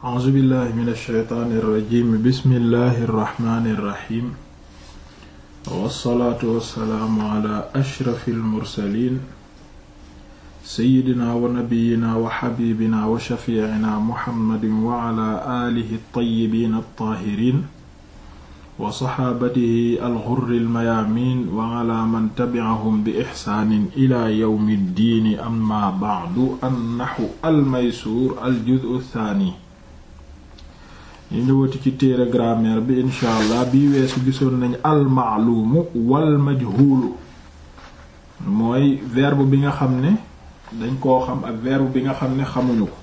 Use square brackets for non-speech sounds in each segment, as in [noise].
a'uuzu billahi min ash-shaytaani irrajim bismillahi irrahmani irrahim wassalaatu wassalaamu ala ashrafi almursalin seyidina wa nabiyina wa xabibina wa shafiicina muhammadin wa ala aalihi altayibiin altaahiriin wa saxaabatihi alxurri almayaamin wa ala man tabi'ahum bi ixsaanin ila yawmi ddiini amma ba'du annaxu almaysuur aljuz'u thaani ñu ñëwati ci téere grammaire bi incha allah bii weesu gisoon nañ almaaluumu wal majhuulu mooy verbe bi nga xam ne dañ koo xam ak verbe bi nga xam ne xamuñu ko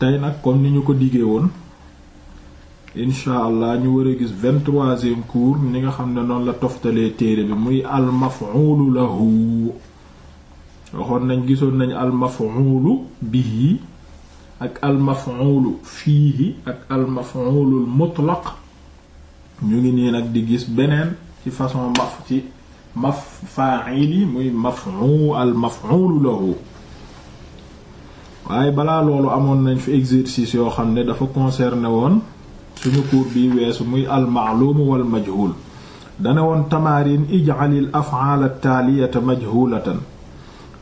tey nag comme ni ñu ko diggee woon incha allah ñu war a gis vingt-troisième cours ni nga xam ne noon la toftalee téere bi muy almaf'uulu lahu waxoon nañ gisoon nañ almaf'uulu bihi ak almafulu fiihi ak almafulul mutlaq ñu ngi nii nag di gis beneen ci façon maf ci maf yi muy mafu al mafulu lahu waaye balaa loolu amoon nañ fi exercice yoo xam ne dafa concerné woon suñu cours bi weesu muy al wal majhul dane woon tamarin ij'alil af'al at majhulatan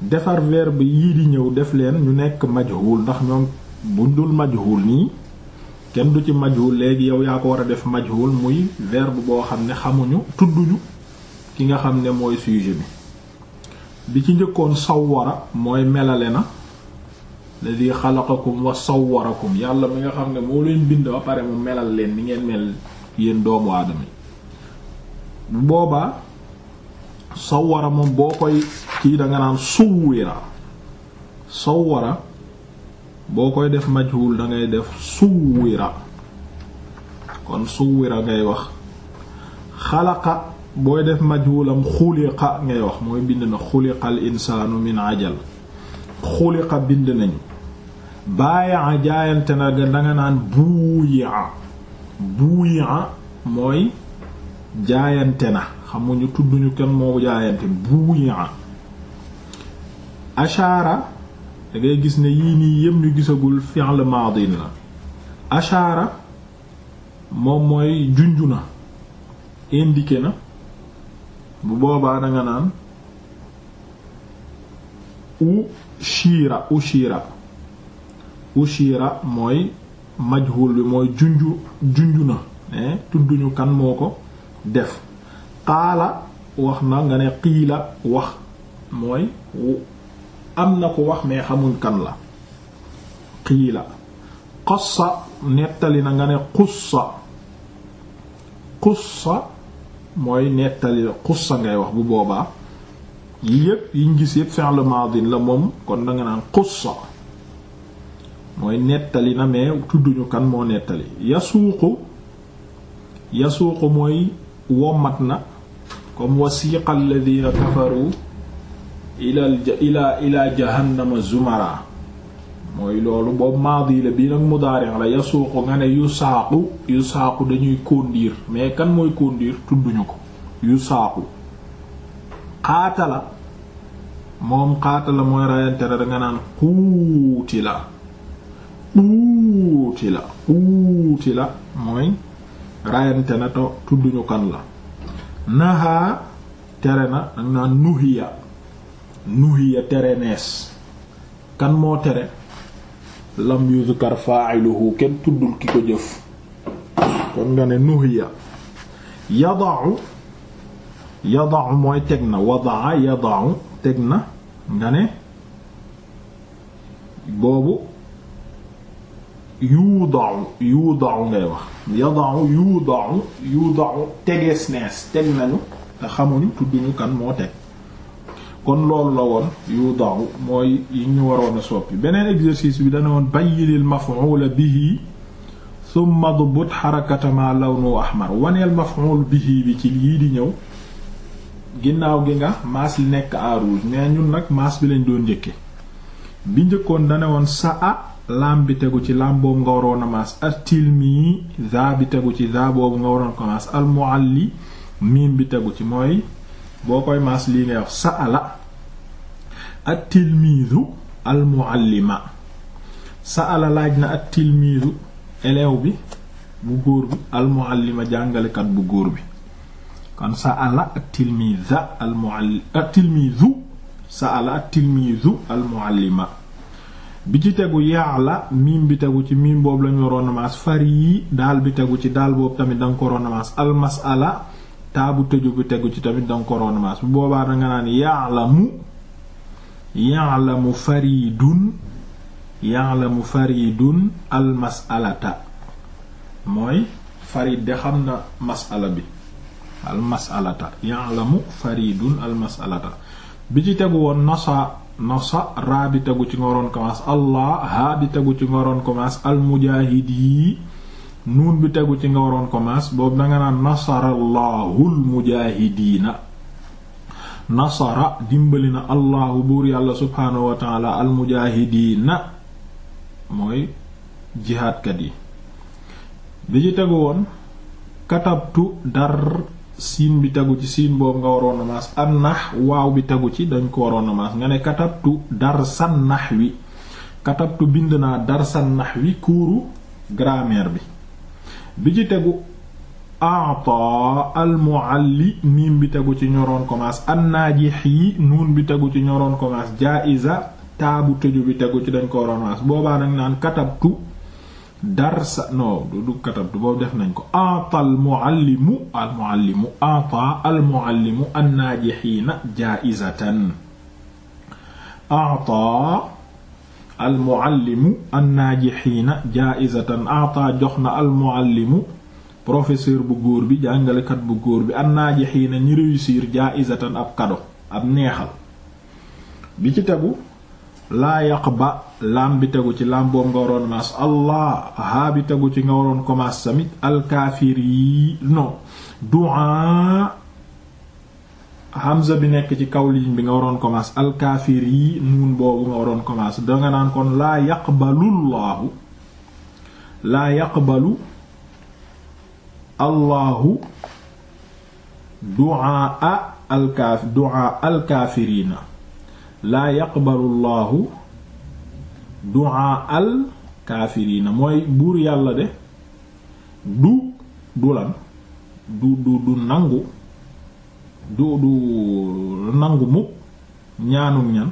defar verbe yii di ñëw def leen ñu nekk majhul ndax ñoom bu dul majhul nii kenn du ci majhul léegi yow yaa ko war a def majhul muy verbe boo xam ne xamuñu tudduñu ki nga xam ne mooy sujet bi bi ci njëkkoon sawwara mooy melale na ladi xalaqakum wa sawwarakum yàlla mi nga xam ne moo leen bind ba pare mu melal leen ni ngeen mel yéen doomu aadama yi bu boobaa sawwara moom boo koy kii da nga naan suwira sawwara boo koy def majhul dangay def suwira kon suwira ngay wax xalaqa booy def majhulam xuliqa ngay wax mooy bind na xuliqal insaanu min ajal xuliqa bind nañu baayaa jaayante na danga naan buuya buuya mooy jaayante na xamuñu tudduñu kenn moo jaayante buuya ashaara dangay gis ne yii nii yëpp ñu gisagul fi'l maadin la ashaara moom mooy junju na indiqué na bu boobaa danga naan ushira ushira ushira mooy majhul bi mooy junju junju na eh tudduñu kan moo ko def qaala wax na nga ne qiila wax mooy am na ko wax mais xamul kan la xos qassa nettali na nga ne qussa qussa mooy nettali qussa ngay wax bu boobaa yi yépp yiñ gis yépp fi'l madin la moom kon danga naan qussa mooy nettali na mais tudduñu kan moo nettali yasuuqu yasuuqu mooy wommat na comme wasiqa alladhina kafaru ilal ila ila jahannama zumara mooy loolu boobu maadi la bii nag mudaari' la yasuuqu nga ne yu saaqu dañuy conduire mais kan mooy conduire tudduñu ko yu saaqu qaatala moom qaatala mooy rayante da nga naan quuti la quuti la quuti la mooy rayante na tudduñu kan la nahaa tere na danga naan nuhiya nuhiya tere nees kan moo tere lam yuzkar fa'iluhu kenn tuddul ki ko jëf kon nga ne nuhiya yada'u yada'u mooy teg na wada'a yada'u teg na nga ne boobu yuuda'u yuuda'u ngay wax yada'u yuuda'u yuuda'u tegees nees teg nañu te xamuñu tudduñu kan moo teg kon loolu la woon yu daaw mooy yi ñu waroon a soppi beneen exercice bi dana woon bayyinil maf'ul bihi thumma dbut xarakata ma lawnu ahmar waneel maf'ul bi ci lii di ñëw ginnaaw gi nga maas li nekk en mais ñun nag maas bi lañ doon njëkke bi njëkkoon dana woon sa a lam bi tegu ci lam boobu nga waroon a maas atilmii za bi tegu ci za boobu nga waroon ko maas almualli miim bi tegu ci mooy boo koy maas lii ngay wax sa'ala at-tilmiidu al-muallima laaj na at-tilmiidu élève bi bu góor bi al jàngalekat bu góor bi kon sa'ala at-tilmiida al-muallim at-tilmiidu sa'ala at-tilmiidu bi ci tegu ya'la miim bi tegu ci miim boobu lañu waroon a daal bi tegu ci daal boobu tamit danga ko waroon a taabu tëju bi tegu ci tamit danga ko ronmaas bu boobaa danga naan ya'lamu ya'lamu faridun ya'lamu faridun al mas'alata mooy farid de xam na mas'ala bi al mas'alata ya'lamu faridun al mas'alata bi ci tegu woon nasa nasa raa tegu ci nga commence allah haa tegu ci nga waroon commence al mujahidi nuun bi tegu ci nga waroon commence boobu danga naan nasarallaahul mujaahidiina nasara dimbali na allahu buur yàlla subhaanahu wa taala al mujaahidiina mooy jihaadkat yi bi ci tegu woon katabtu dar siin bi tegu ci siin boobu nga waroon a maas an waaw bi tegu ci dañ ko waroon a maas nga ne katabtu dar san nax wi katabtu bind naa dar san nax wi kuuru grameer bi bi ci tegu ata almualli miim bi tegu ci ñoroon commence annaajix nuun bi tegu ci ñoroon commence jaiza taabu tëju bi tegu ci dañ ko waroon commence boobaa nag naan katabtu darsa no du katabtu boobu def nañ ko ata almuallimu almuallimu ata almuallimu annaajixiina almuallimu annaajixiina jaaizatan ata jox na almuallimu professeur bu góor bi jàngalekat bu góor bi annaajixiina ñi réussir jaaizatan ab kado ab neexal bi ci tegu laa yaq ba laam tegu ci laam nga waroon maas allah haa bi tegu ci nga waroon ko maas tamit alkaafir yi Hamza bi nekk ci kaw ligne bi nga waroon commence alkaafir yi nuun boobu nga waroon commence danga naan kon laa yaqbalullaahu laa yaqbalu allahu du'aa alkaaf alkaafiriina laa yaqbalullaahu du'aa alkaafiriina mooy buur yàlla de du du du du du nangu du du nangu mukk ñaanuk ñan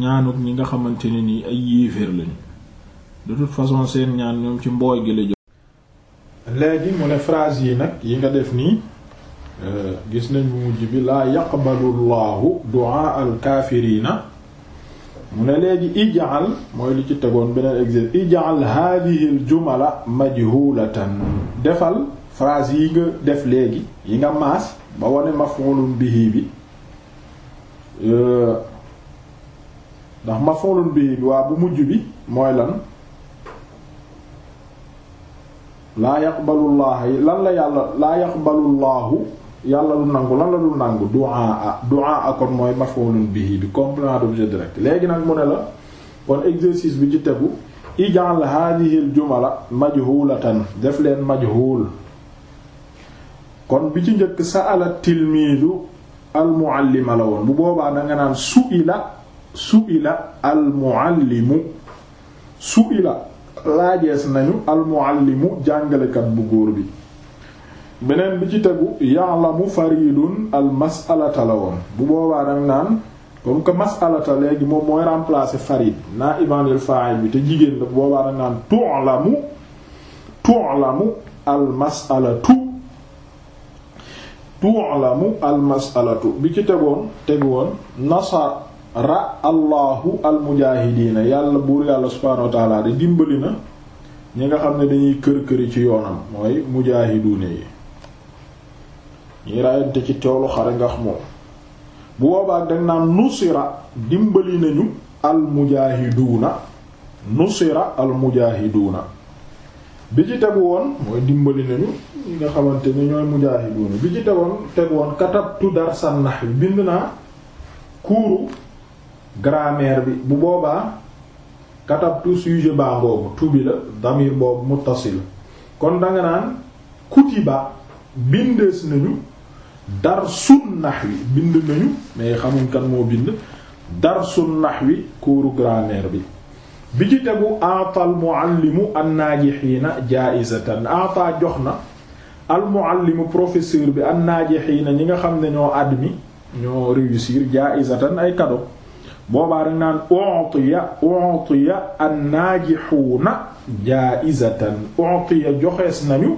ñaanuk ñi nga xamante ne ni ay yéeféer lañu de toute façon seen ñaan ñoom ci mbooy gi la jëm léegi mu ne phrase yi nag yi nga def nii euh, gis nañ bu mujj bi laa yaqbalu llahu du'a al mu ne léegi ijaal mooy li ci tegoon beneen exemple ijaal hadhihi al jumla defal phrase yi nga def léegi yi nga maas ba wane maf'ulun bihi bi euh, ndax maf'ulun bihi bi waa bu mujj bi mooy lan laa yaqbalu llaaha lan la yàlla laa yaqbalu llaahu yàlla lu nangu lan la lu nangu du'a du'a kon mooy maf'ulun bihi bi complément d'objet direct léegi nag mu ne la kon exercice bi ci tegu ij'al hadhihi al jumla majhulatan def leen majhul kon bi ci njëkk sa'ala tilmiidu almuallima la woon bu boobaa da nga naan su'ila su'ila almuallimu su'ila laajees nañu almuallimu jàngalekat bu góor bi beneen bi ci tegu ya'lamu faridun almas'alata la woon bu boobaa da nga naan comme que mas'alata léegi moom mooy remplacer farid naa ibanil fa'il bi te jigéen la bu boobaa da nga naan tu'lamu tu'lamu almas'alatu tu'lamu almasalatu bi ci tegoon teg woon nasara allahu almujaahidiina yàlla buur yàlla subhaanahu wa di dimbali na ñi nga xam ne dañuy kër-këri ci yoonam mooy mujaahiduuna yi ñuy raayante ci toolu xare nga xam moom bu boobaa dañ naan nusira dimbali nañu almujaahiduuna nusira almujaahiduuna bi ci tegu woon mooy dimbali nañu ñi nga xamante ni ñooy mujaahiduun bi ci tegoon teg woon katabtu darsan nahwi bind naa kuuru grammaire bi bu boobaa katabtu sujet baa ngoobu tubi la damir boobu muttasil kon danga naan kutiba bindees nañu darsun nahwi bind nañu mais xamuñ kan moo bind darsun nahwi kuuru grammaire bi bi ci tegu ata al muallimu an naajixiina jaa'izatan ata jox na al muallimu professeur bi an naajixiina ñi nga xam ne ñoo admis ñoo réussir jaa'izatan ay cadeau boobaa rek naan utiya utiya an naajixuuna jaa'izatan utiya joxees nañu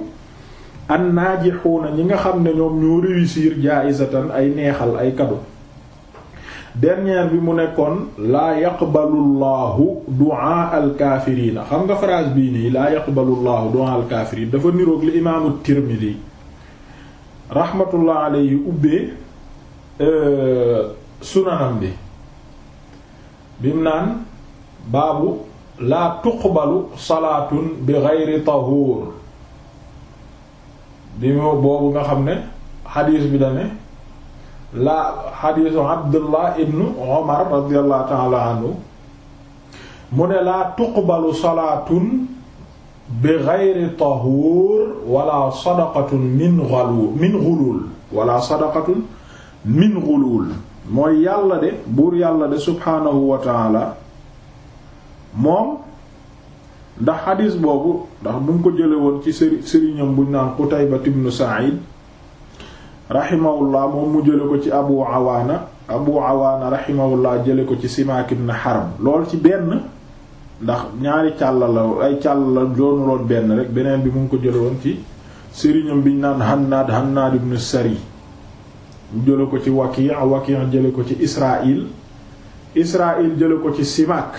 an naajixuuna ñi nga xam ne ñoom ñoo réussir jaa'izatan ay neexal ay kado dernière bi mu nekkoon laa yaqbalu llahu du'a al xam nga phrase bii nii laa yaqbalu llahu du'a al dafa niroog li imaamu Tirmidi rahmatullah alayhi ubbee euh, sunanam bi bim naan baabu laa tuqbalu salaatun bi ghayri tahuur boobu nga xam ne xadiis bi da la xadiisu abdullah ibnu omar radiallahu taala anhu mu ne laa tuqbalu salaatun bi geyri tahuur wala sadaqatun min gulul mooy yàlla de buur yàlla de subhaanahu wa moom ndax xadiis boobu ndax bu mu ko jële woon ci sëriñam buñ naan Qutayba ibnu Sa'id rahimahullah moom mu jële ko ci abu awaana abu awaana rahimahullah jële ko ci simaak ibn harb lool ci benn ndax ñaari càlla càlla la benn rek beneen bi mu ko jële ci sëriñam biñ naan hannaad hannaad ibn sari mu jële ko ci waki waki jële ko ci israil israil jële ko ci simaak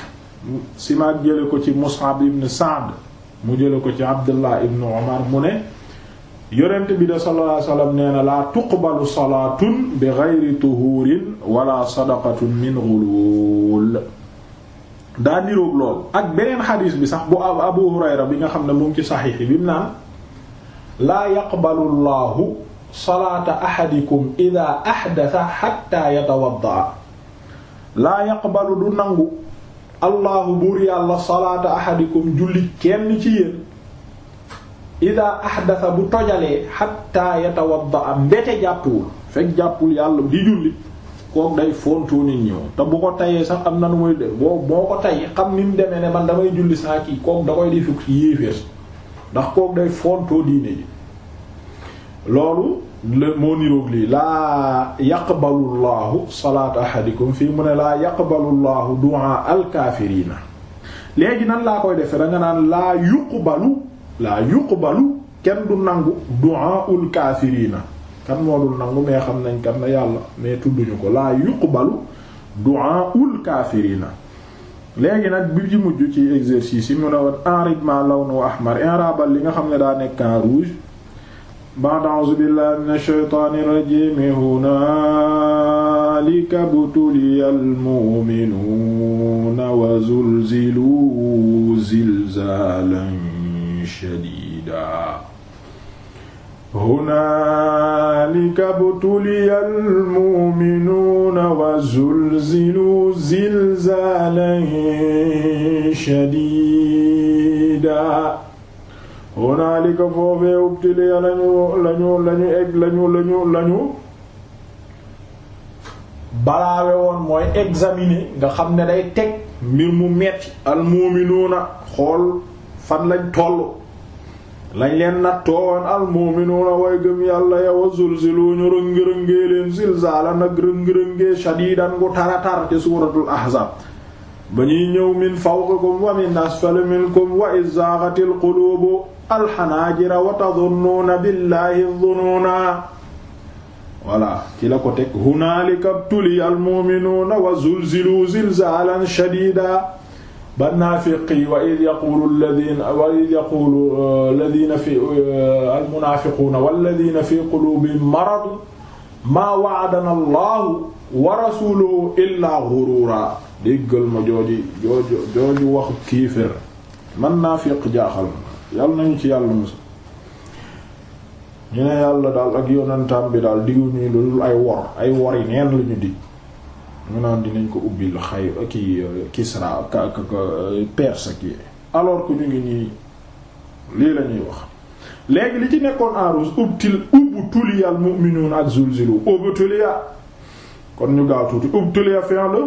simaak jële ko ci mus'ab ibn sa'd mu jële ko ci abdullah ibn umar mu ne yonent bi de sallallahu alayhi wasallam nee na laa tuqbalu salaatun bi ghayri tuhuurin wala sadaqatun min ghuluul daa niroog lool ak beneen xadiis bi sax bu Abu Hurayra bi nga xam ne mu ngi ci saxiix bi mu naan laa yaqbalu llaahu salaata ahadikum idaa ahdatha hatta yatawadda laa yaqbalu du nangu allahu buur yàlla salaata ahadikum julli kenn ci yéen ida ahdasa bu tojalee xatta yatawadda am mbete jàppwul fekk jàppul yàlla di julli kook day fontoo nit ñëw te bu ko tayee sax am na nu muy de boo boo ko tay xam ni deme demee ne man damay julli saa kii kook da koy di fukk ndax kook day fontoo diine ji loolu moo niroog lii laa yaqbalu llahu salaata ahadikum fii mu ne laa yaqbalu llahu du'a al léegi nan laa koy def da nga naan laa yuqbalu laa yuqbalu kenn du nangu du'aul kaafiriina kan moo dul nangu mais xam nañ kan na yàlla mais tudduñu ko laa yuqbalu du'aul kaafiriina léegi nag bi ci mujj ci exercice yi mu ne woon enrib ma lawnu ahmar inrabal li nga xam ne daa nekk en rouge ba'da a'uuzu billahi minash shaytaanir rajiim hunaalika butuliyal mu'minuuna wa zulziluu zilzaalan shadiida hunaalika btuliyal wa zulziluu zilzaalan shadiida hunaalika foofee ubtiliya lañu lañu egg lañu lañu lañu woon mooy examiner nga xam ne day teg mbir mu metti al xool fan lañ tollu lañ leen nattoowoon almuminuuna way gëm yàlla yow a zulzilu ñu rëngi-rëngee leen zilzaala nag rëngi-rëngee shadiidan gu taratar ci suuratul ahzaab ba ñuy ñëw min fawqikum wa min asfali minkum wa izaaxatil quluubu alxanaajira wa tadunnuuna billaahi dunuuna voilà ci la ko teg hunaalika btuli almuminuuna wa zulzilu zilzaalan shadiida ba naafiq yi wa id yaqulu alladina wa id yaqulu uh, alladina fi uh, almunaafiquuna walladina fi quluubihim marad maa wa'adana allahu wa rasuluhu illaa ghuruura déggal ma jooji jooju jooju waxu kiifér man naafiq jaaxal ma yàlla nañu ci yàlla mosa ñu ne yàlla daal ak yonentam bi daal diggu ñu ay wor ay wor yi neen lañu dig ñu naan dinañ ko ubbi xay ki Kisra ka ka Perse ki alors que ñu ngi nii lii la wax léegi li ci nekkoon en rouge ubtil ubtuliyal mu'minuun ak zulzilu ubtuliya kon ñu gaaw tuuti ubtuliya fi'lu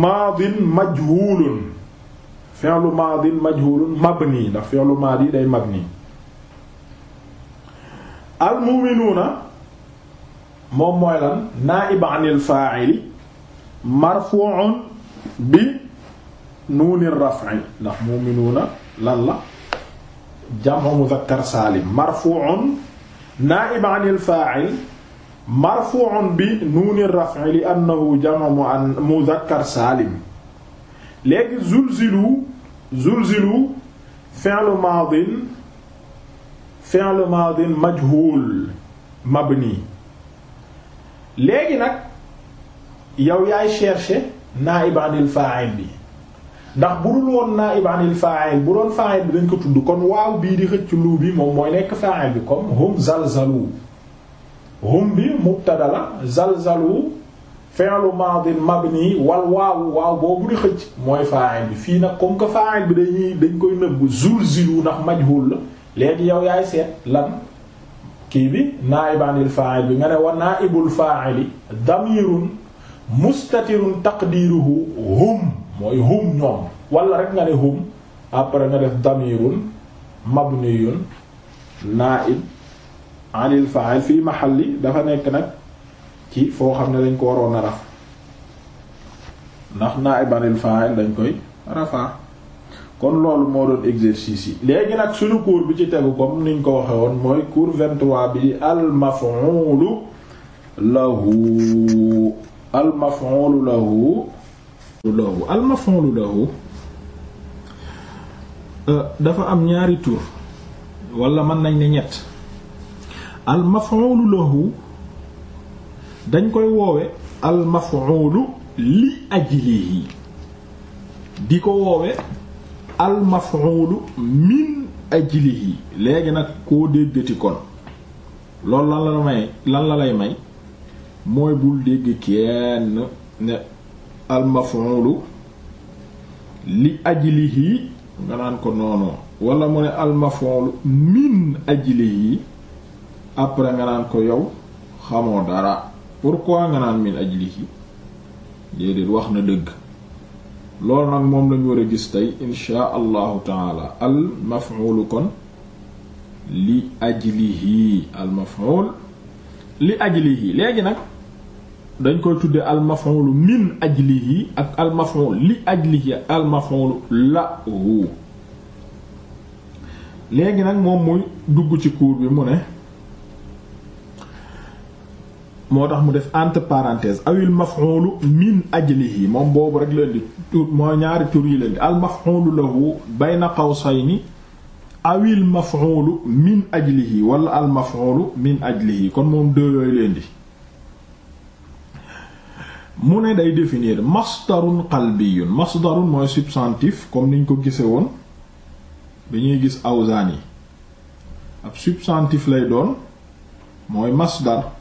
maadin majhuulun fi'lu maadin majhuulun mabni ndax fi'lu maadi day mabni al mu'minuuna moom mooy lan naa'ib anil faa'ili marfu'un bi nuuni raf'i ndax mu'minuuna lan la jam'u mudhakkar saalim marfu'un naa'ib anil faa'il marfu'un bi nuuni raf'i li annahu jam'u mudhakkar saalim léegi zulzilu zulzilu fi'lu maadin fi'lu maadin majhuul mabni léegi nag yow yaay chercher naa'ib anil fa'il bi ndax bu dul woon naa'ib anil fa'il bu doon fa'il bi dañ ko tudd kon waaw bii di xëcc lu bi moom mooy nekk fa'il bi comme hum zalzalu hum bi mubtada la zalzalu fi'lu madin mabni wal waawu waaw boobu di xëcc mooy fa'il bi fii nag comme que fa'il bi dañuy dañ koy nëbb zulzilu ndax majhul la léegi yow yaay seet lan kii bi naibanil fa'il bi nga ne wa naibul fa'ili damirun mustatirun taqdiruhu hum mooy hum ñoom wala rek nga ne hum après nga def damirun mabniyun naib anil fa'il fii mahalli dafa nekk nag ci foo xam ne dañ ko waroon a raf ndax naibanil fa'il dañ koy rafa kon loolu moo doon exercice yi léegi nag suñu cours bi ci tegu comme niñ ko waxe woon mooy cours 23 bi al maf'ulu lahu al maf'ulu lahu euh, dafa am ñaari tur wala mën nañ ne ñett al maf'ulu lahu dañ koy woowe al maf'ulu li ajlihi di ko woowe al maf'ul min ajlihi léegi nag koo déggati kon loolu lan la may lan la lay may mooy bul dégg kenn ne al maf'ul li ajlihi nga naan ko noonoo wala mu ne al maf'ul min ajlihi après nga naan ko yow xamoo dara pourquoi nga naan min ajlihi déedéet wax na dëgg loolu nag moom lañu war a gis tey inshaa allahu taala al maf'ul kon li ajlihi al maf'ul li ajlihi léegi nag dañ koy tudde al maf'ul min ajlihi ak al maf'ul li ajlihi al maf'ul lahu léegi nag moom muy dugg ci cours bi mu ne moo tax mu def entre parenthèse awil maf'ulu min ajlihi moom boobu rek leen di tur mooy ñaari tur yi leen di al maf'ulu lahu bayna qawsayni awil maf'ulu min ajlihi wala al maf'ulu min ajlihi kon moom deux leen di mu ne day définir masdarun qalbiyun masdarun mooy substantif comme niñ ko gise woon bi ñuy gis awzaan yi ab substantif lay doon mooy masdar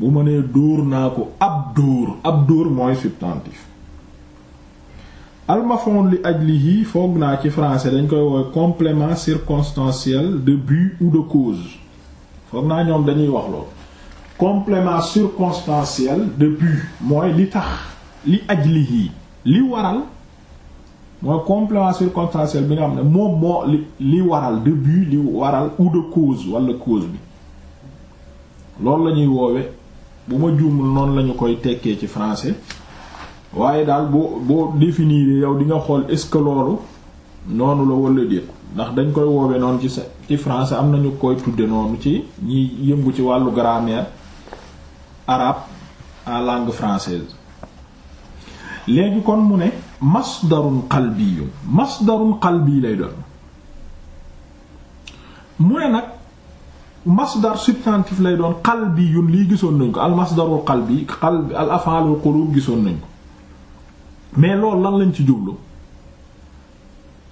bu ma nee dóor naa ko ab dóor ab dóor mooy substantif al maf'ul li ajlihi foog naa ci français dañ koy woowe complément circonstanciel de but ou de cause foog naa ñoom dañuy wax loolu complément circonstanciel de but mooy li tax li ajlihi li waral mooy complément circonstanciel bi nga xam ne moom moo li li waral de but li waral ou de cause wala cause bi loolu la woowe bu ma juumul noonu lañu koy tekkee ci français waaye daal boo boo définir yow di xool est-ce que loolu noonu la wala déet ndax dañ koy woowe noonu ci sa ci français am nañu koy tudde noonu ci ñi yëngu ci wàllu grammaire arabe en langue française léegi kon mu ne masdarun qalbiyun masdarun qalbi lay doon mu ne nag masdar substantif lay doon qalbiyun lii gisoon nañ ko al masdarul qalbi qalbi al af'alul qulub gisoon nañ ko mais loolu lan lañ ci jublu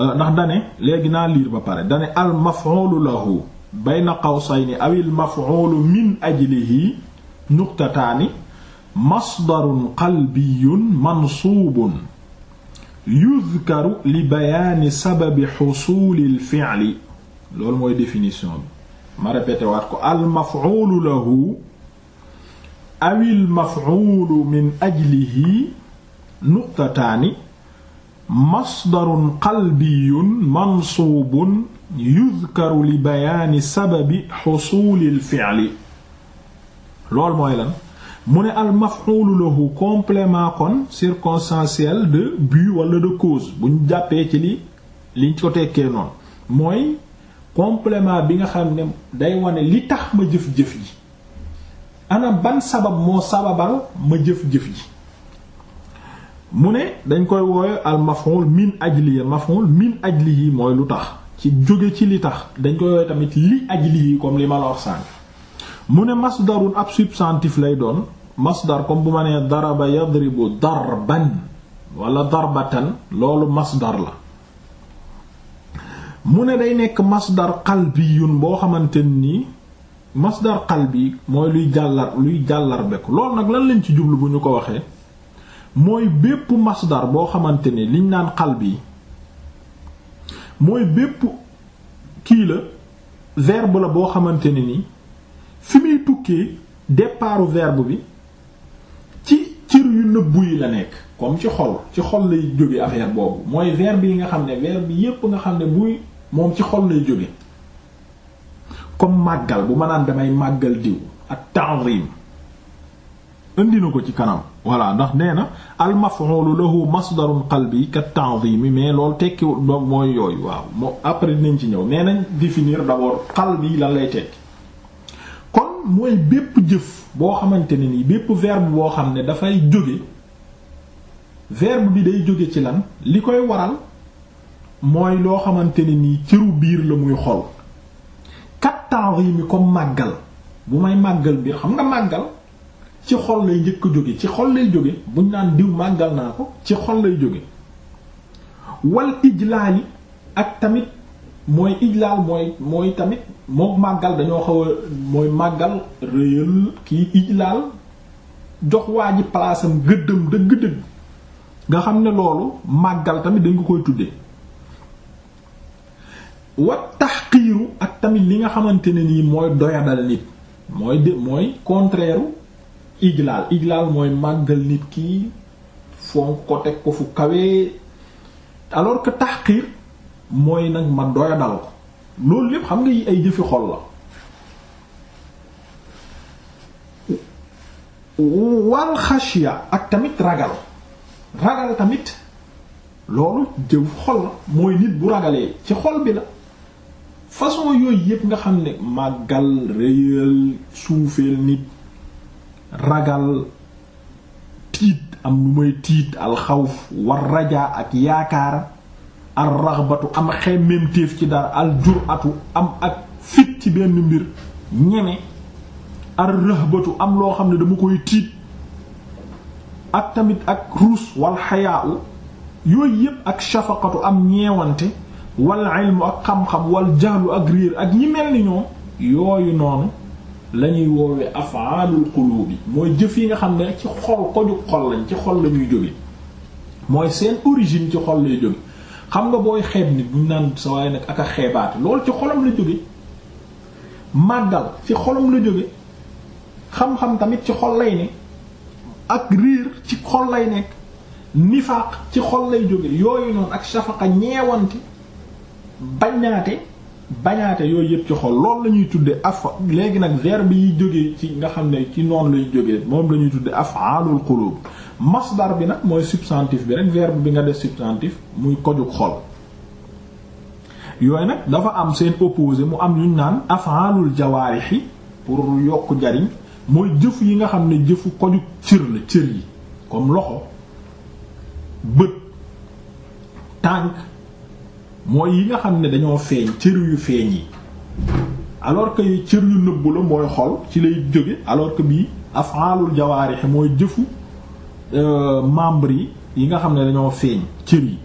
euh, ndax dane léegi naa liir ba pare dane al maf'ulu lahu bayna qawsayni aw al maf'ulu min ajlihi nuqtataani masdarun qalbiyun mansuubun yuzkaru li bayaani sababi xusuulil fi'li loolu mooy définition bi ma répété waat ko al maf'ulu lahu awil maf'ulu min ajlihi nuqtataani masdarun qalbiyun mansuubun yudkaru li bayaani sababi xusuulil fi'li loolu mooy lan mu ne al maf'ulu lahu complément kon circonstanciel de but wala de cause buñ jàppee ci li liñ ko tekkee noonu mooy complément bi nga xam ne day wane li tax ma jëf-jëf ji ana ban sabab moo sababal ma jëf-jëf ji mu ne dañ koy woowe al maf'ul min ajlihi maf'ul min ajlihi mooy lu tax ci jóge ci li tax dañ koy woowe tamit li ajlihi comme li ma la wax sànq mu ne masdarun ab substantif lay doon masdar comme bu ma nee daraba yadribu darban wala darbatan loolu masdar la mu ne day nekk masdar qalbiyun boo xamante nii masdar qalbi mooy luy jàllar luy jàllar bekk loolu nag lan lañ ci jublu bu ñu ko waxee mooy bépp masdar boo xamante ne liñ naan qalbi mooy bépp kii la verbe la boo xamante ne ni fi muy tukkee deppaaru verbe bi ci cër yu nëbbu yi la nekk comme ci xol ci xol lay jóge affaire boobu mooy verbe yi nga xam ne verbe yépp nga xam ne buy moom ci xol lay jóge comme màggal bu ma naan damay màggal diw ak ta'zim indi na ko ci kanam voilà ndax nee na al maf'ul lahu masdarun qalbi ka ta'zim mais loolu tekkiwul mooy yooyu waaw moo après dinañ ci ñëw nee nañ définir d'abord qalbi lan lay tekki kon mooy bépp jëf boo xamante ne nii bépp verbe boo xam ne dafay jóge verbe bi day jóge ci lan li koy waral mooy loo xamante ni nii cëru biir la muy xol kat ta'zim comme màggal bu may màggal biir xam nga màggal ci xol lay jóge ci xol lay jóge buñ naan diw màggal naa ko ci xol lay jóge wal ijlaali ak tamit mooy ijlaal mooy mooy tamit mook màggal dañoo xaw mooy màggal réyal kii ijlaal jox waa palaasam gëddëm dëgg-dëgg nga xam ne loolu màggal tamit dañ ko koy tuddee wa tahqiiru ak tamit li nga xamante ne nii mooy doyadal nit mooy de mooy contraire iglaal iglaal mooy màggal nit kii fonk ko teg ko fu kawee alors que tahqiir mooy nag ma doyadal loolu lépp xam nga yi ay jëfi xol la wal xashiya ak tamit ragal ragal tamit loolu jëw xol mooy nit bu ragalee ci xol bi la façon yooyu yépp nga xam ne màggal réyal suufeel nit ragal tiit am nu may tiit alxawf war rajaa ak yaakaar al raxbatu am xemmem ci dara al juratu am ak fit ci benn mbir ñeme al rëhbatu am loo xam ne dama koy tiit ak tamit ak ruus wal xayaa u yooyu yépp ak shafaqatu am ñeewante wal ilmu ak xam-xam wal jahlu ak réer ak ñi mel ni ñoom yooyu noonu lañuy woowe afaalul qulubi mooy jëf yi nga xam ne ci xol ko ju xol lañ ci xol la ñuy jóge mooy seen origine ci xol lay jóge xam nga booy xeeb nit buñ naan sa waaye nag ak a xeebaate loolu ci xolam la jóge màggal ci xolam la jóge xam-xam tamit ci xol lay ne ak riir ci xol lay nekk nifaaq ci xol lay jóge yooyu noonu ak safaqa ñeewante bañaate bañaate yooyu yëpp ci xol loolu la ñuy tudde af léegi nag verbe yi jóge ci nga xam ne ci noonu lay jóge moom la ñuy tudde af'alul qulub masdar bi nag mooy substantif bi rek verbe bi nga def substantif muy kojug xol yooy nag dafa am seen opposé mu am ñu naan af'alul jawaarih pour yokk jariñ mooy jëfu yi nga xam ne jëfu koju cër la cër yi comme loxo bët tànk mooy yi nga xam ne dañoo feeñ cër yu feeñ yi alors que cër yu nëbbu la mooy xol ci lay jóge alors que bii af'alul jawaarih mooy jëfu euh, membre yi yi nga xam ne dañoo feeñ cër yi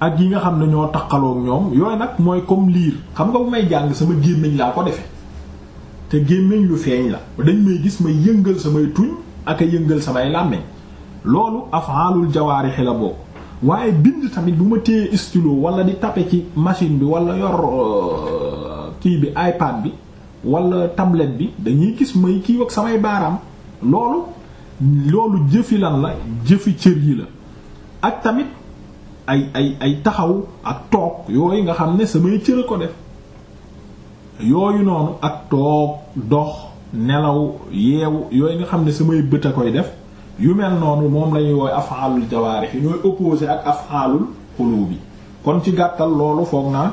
ak yi nga xam ne ñoo taqaloog ñoom yooyu nag mooy comme liir xam nga bu may jàng sama gémmiñ laa ko defe te gémmiñ lu feeñ la dañ may gis ma yëngal samay tuñ ak a yëngal samay làmmiñ loolu afaalul jawaarixi la bokk waaye bind tamit bu ma téye stylo wala di tape ci machine bi wala yor euh, kii bi iPad bi wala tablette bi dañuy gis may kii wag samay baaraam loolu loolu jëfi lan la jëfi cër yi la ak tamit ay ay ay taxaw ak toog yooyu nga xam ne samay cër ko def yooyu noonu ak toog dox nelaw yeewu yooyu nga xam ne samay bët a koy def yu mel noonu moom lañuy wooy afaalul jawaarih ñooy opposé ak afaalul xuluu bi kon ci gàttal loolu foog naa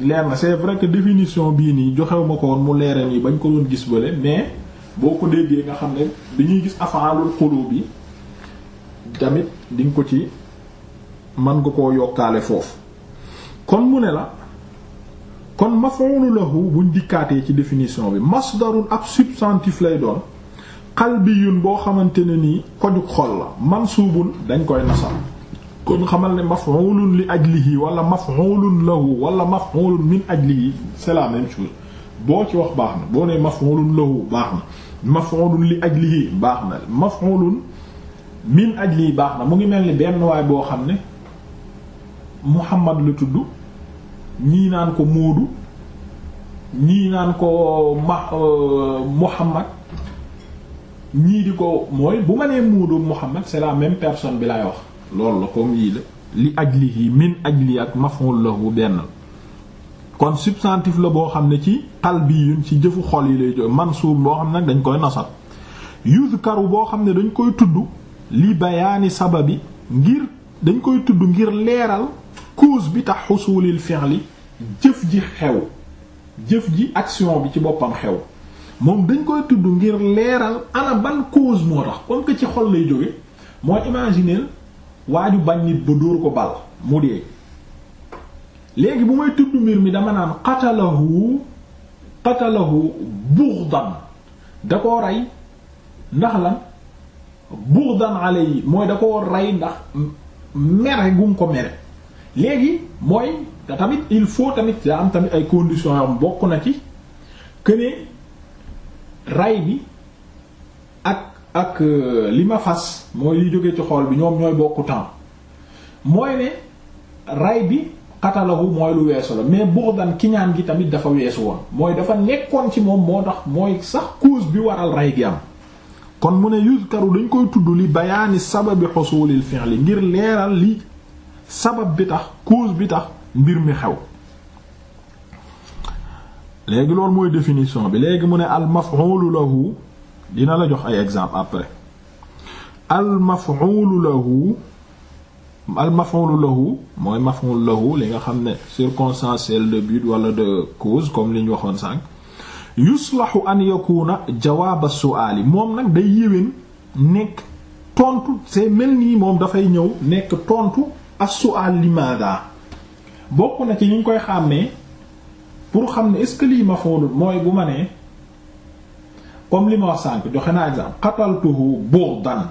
leer na c'est vrai que définition bii nii joxew ma ko woon mu leeral nii bañ ko doon gis bële mais boo ko déggee nga xam ne dañuy gis afaalul xuluu bi tamit di ko ci mën nga koo yokkaale foofu kon mu ne la kon maf'ulu lahu buñ dikkaatee ci définition bi masdarun ab substantif lay doon qalbiyun boo xamante ne nii kojuk xol la mansuubun dañ koy nasal kon xamal ne maf'ulun li ajlihi wala maf'ulun lahu wala maf'ulun min ajlihi c'est la boo ci wax baax na boo nee maf'ulun lahu baax na maf'ulun li ajlihi baax na maf'ulun min ajlihi baax na mu ngi mel ni benn waay boo xam ne Muhammad la tudd ñii naan ko Moodu ñii naan ko ma euh, Muhammad ñii di ko mooy bu ma nee Moodu Muhammad c'est la même personne bi laay wax loolu la comme yii la li ajlihi min ajli ak maf'ul lahu benn la kon substantif la boo xam ne ci qalbiyun ci jëfu xol yi lay jo mansuub boo xam ne dañ koy nasab yuzkaru boo xam ne dañ koy tudd li bayaani sababi ngir dañ koy tudd ngir leeral cause bi tax xusulil fi'li jëf ji xew jëf ji action bi ci boppam xew moom dañ koy tudd ngir leeral ala ban cause moo tax comme que ci xol lay jóge mooy waa waaju bañ nit bu dóor ko bal mu dee léegi bu may tudd mbir mi dama naan qatalahu qatalahu bughdan da koo rey ndax lan bughdan yi mooy da koo rey ndax mere gum ko mere léegi mooy te tamit il faut tamit daa am tamit ay conditions yoo xam bokk na ci que ne ray bi ak ak euh, li ma fas mooy li jóge ci xool bi ñoom ñooy bokku temps mooy ne ray bi xatalahu mooy lu weesu la mais buxdan kiñaan gi tamit dafa weesu woon mooy dafa nekkoon ci moom moo tax mooy sax cause bi waral ray gi am kon mu ne yuzkaru dañ koy tudd li bayaani sababi xusulil fi'li ngir leeral li sabab bi tax cause bi tax mbir mi xew léegi loolu mooy définition bi léegi mu ne al maf'ul lahu dina la jox ay exemple après al maf'ul lahu al maf'ul lahu mooy maf'ul li nga xam ne circonstanciel de but wala de cause comme li ñu waxoon sànq yuslahu an yakuna jawaaba su'aali moom nag day yéwén nekk tontu c'est mel nii moom dafay ñëw nekk tontu as-su'al limaada bokk na ci ñu koy xàmmee pour xam ne est-ce que lii maf'ul mooy bu ma nee comme li ma wax sànk joxe naa exemple qataltuhu burdan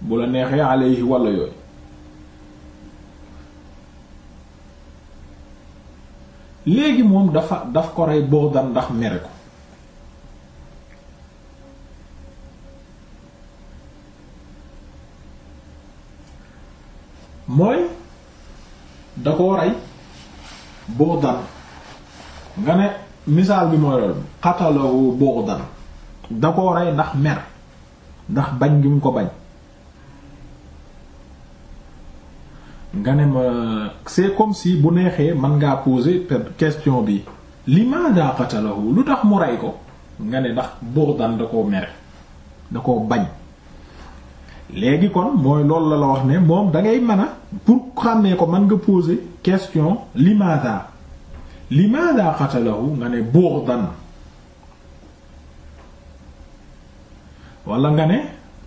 bu la neexee alayhi walla yooyu léegi moom dafa daf ko rey burdan ndax mere mooy da koo rey boo dan nga ne misaal bi mooy loolu xatalawu boo da koo rey ndax mer ndax bañ gi mu ko bañ nga ne ma c'est comme si bu neexee mën ngaa poser question bi li maa daa qatalahu lu tax mu rey ko nga ne ndax boo da koo mere da koo bañ léegi kon mooy loolu la la wax ne moom da ngay mën a pour xàmmee ko man nga pose question limaada limaada qatalahu nga ne bughdan wala nga ne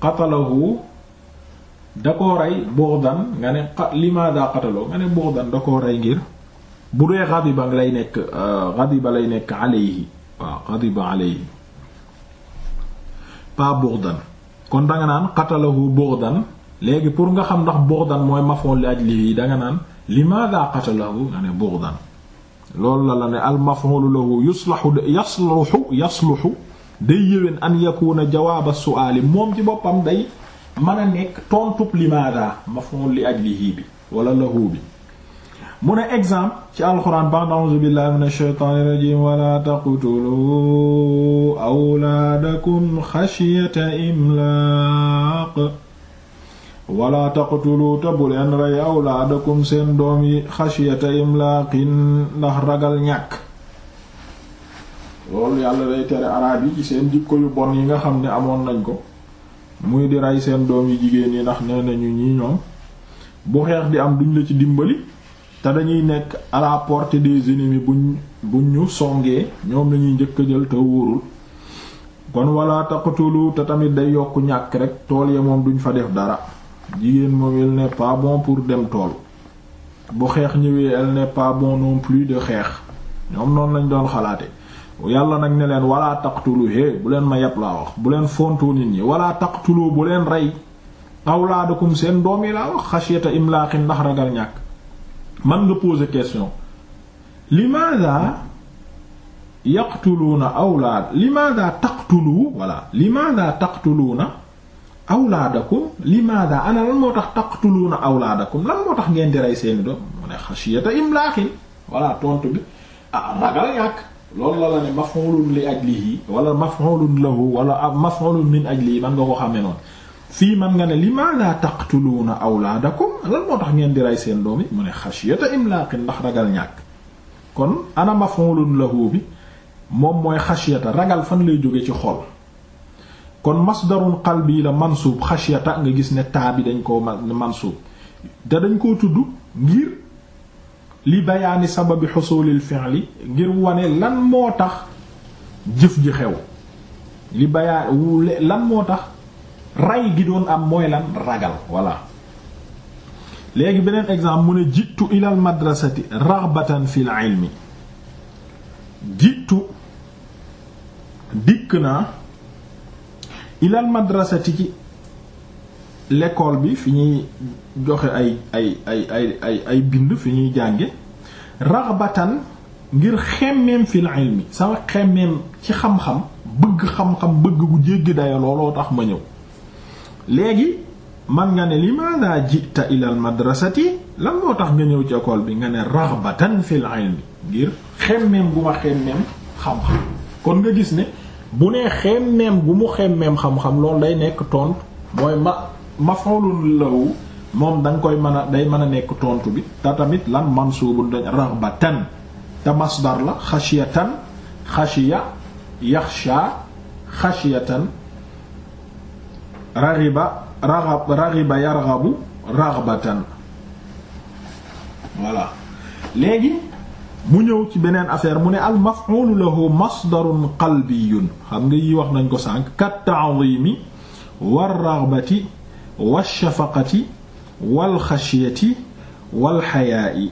qatalahu da koo rey bughdan nga ne limaada nga ne bughdan da ko rey ngir bu dee ghadiba lay nekk euh, ghadiba lay nekk alayhi waaw ghadiba alayhi pas bughdan kon danga naan qatalahu bughdan léegi pour nga xam ndax bughdan mooy maf'ul li ajlihi danga naan limaada qatalahu nga ne bughdan loolu la la ne al maf'ul lahu yuslahu yasluhu yasluhu day yéwén an yakuna jawaab as-su'aal moom ci boppam day mën a nekk tontub limaada maf'ul li ajlihi bi wala lahu bi mu ne exemple ci alxuraan ba a'uuzu billaahi mina shaytaani rajiim wala taqtulu awlaadakum xashyata imlaaq wala taqtulu te bu leen rey awlaadakum seen doom yi xashyata imlaaqin ndax ragal ñàkk loolu yàlla day tere araab yi ci seen jikko yu bon yi nga xam ne amoon nañ ko muy di rey seen doom yi jigéen yi ndax nee nañu ñi ñoom bu xeex di am duñ la ci dimbali te dañuy nekk à la portée des bu buñ buñ ñu songee ñoom lañuy njëkk a jël te wóorul kon wala taqatulu te tamit day yokk ñàkk rek tool ya moom duñ fa def dara jigéen moom il n'est pas pour dem tool bu xeex ñëwee elle n'est pas bon non plus de xeex ñoom noonu lañ doon xalaate yàlla nag ne walaa wala taqtulu hé bu leen ma yàpp laa wax bu leen fontoo nit ñi walaa taqtulu bu leen rey awlaadakum seen doom yi laa wax xasiyata imlaaqin ndax ragal ñàkk man nga poser question limaada yaqtuluuna awlaad limaada taqtulu walla limaada taqtuluuna awlaadakum limaada ana lan moo tax taqtuluuna awlaadakum lan moo tax ngeen di rey seeni doom mu ne xasiyata imlaaxin walla tontu bi ah ragal ñàkk loolu la la ne maf'ulun li ajlihi wala maf'ulun lahu wala maf'ulun min ajlihi man nga ko xamee noonu fii man nga ne li maa laa taqtuluuna awlaadakum lan moo tax ngeen di rey seen doom yi mu ne xashyata imlaaqin ndax ragal ñàkk kon ana maf'ulun lahu bi moom mooy xashyata ragal fan lay jóge ci xool kon masdarun qalbi la mansuub xashyata nga gis ne taa bi dañ koo mansuub te dañ koo tudd ngir li bayaani sababi xusuulil fi'li ngir wane lan moo tax jëf ji xew li bayaan lan moo tax ray gi doon am mooy lan ragal voilà léegi beneen exemple mu ne jiitu ilal madrasati raghbatan fil jitu dikk naa ilal madrasati ci l'école bi fi ñuy joxe ay ay ay ay ay bind fi ñuy jànge raghbatan ngir xemmeem fil ilmi sama xemmeem ci xam-xam bëgg xam-xam bëgg bu jéggi daya looloo tax ma ñëw léegi man nga ne limaada jita ila al madrasati lan moo tax nga ñëw ci école bi nga ne raghbatan fil ilmi ngir xemmeem bu ma xemmeem xam-xam kon nga gis ne bu nee xemmeem bu mu xemmeem xam-xam loolu day nekk tontu mooy ma maf'ulun lahu moom da koy mën a day man a nekk tontu bi te tamit lan mansuubul dañ raghbatan te masdar la xashiyatan xashiya yaxsha xashiyatan raxiba raxab raxiba yarxabu raxbatan voilà léegi mu ñëw ci beneen affaire mu ne al maf'ulu lahu masdarun qalbiyun xam nga yi wax nañ ko sànq kat ta'zimi war raxbati washafaqati wal xashyati wal xayaa'i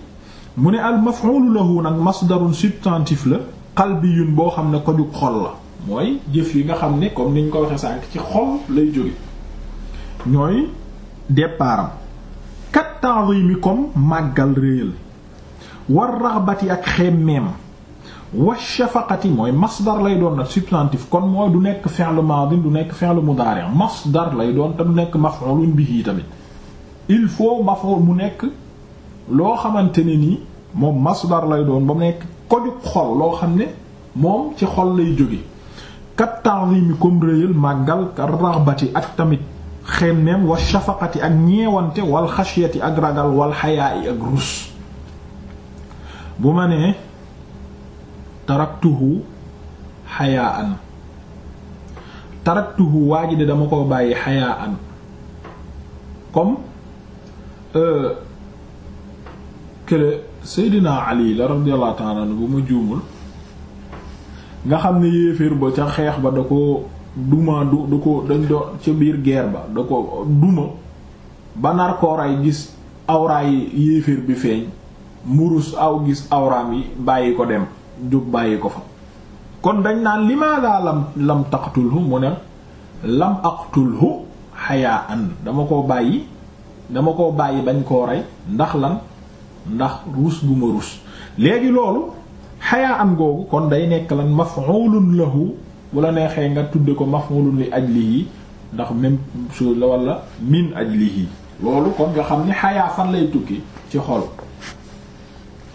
mu ne al maf'ulu lahu nag masdarun substantif la qalbiyun boo xam ne ko jug xol la mooy jëf yi nga xam ne comme niñ ko waxee sànq ci xol lay jóge ñooy départam kat ta'zimi comme màggal réyal war raxbati ak xemmeem wa shafaqati mooy masdar lay doon nag substantif kon mooy du nekk fi'l maadi du nekk fi'l mudari masdar lay doon te du nekk maf'ulun bihi tamit il faut maf'ul mu nekk loo xamante ni nii moom masdar lay doon ba nekk kojug xol loo xam ne moom ci xol lay jóge kat ta'zimi comme réyal màggal ka raxbati ak tamit xemmeem wa shafaqati ak ñeewante wal xashyati ak ragal wal xayaa ak rus bu ma nee taraktuhu xayaan taraktuhu waa ji de dama ko bàyyi xayaan comme euh, kële Seydina Ali la radiyallahu ta'ala anhu bu ma juumul nga xam ne yéeféer ba ca xeex ba da ko duma du du ko dañ doon ca biir geer ba da ko duma ba nar gis awraay yéeféer bi feeñ mburus aw gis awraam yi bàyyi ko dem jóg bàyyi ko fa kon dañ naan limaada lam lam taqtulhu mu ne lam aqtulhu xayaa an dama koo bàyyi dama koo bàyyi bañ koo rey ndax lan ndax ruus bu ma ruus léegi loolu xayaa an googu kon day nekk lan maf'ulun lahu bu la neexee nga tudde ko maf'ulun li ajlihi ndax même chose la miin min ajlihi loolu kon nga xam ni xayaa fan lay tukki ci xol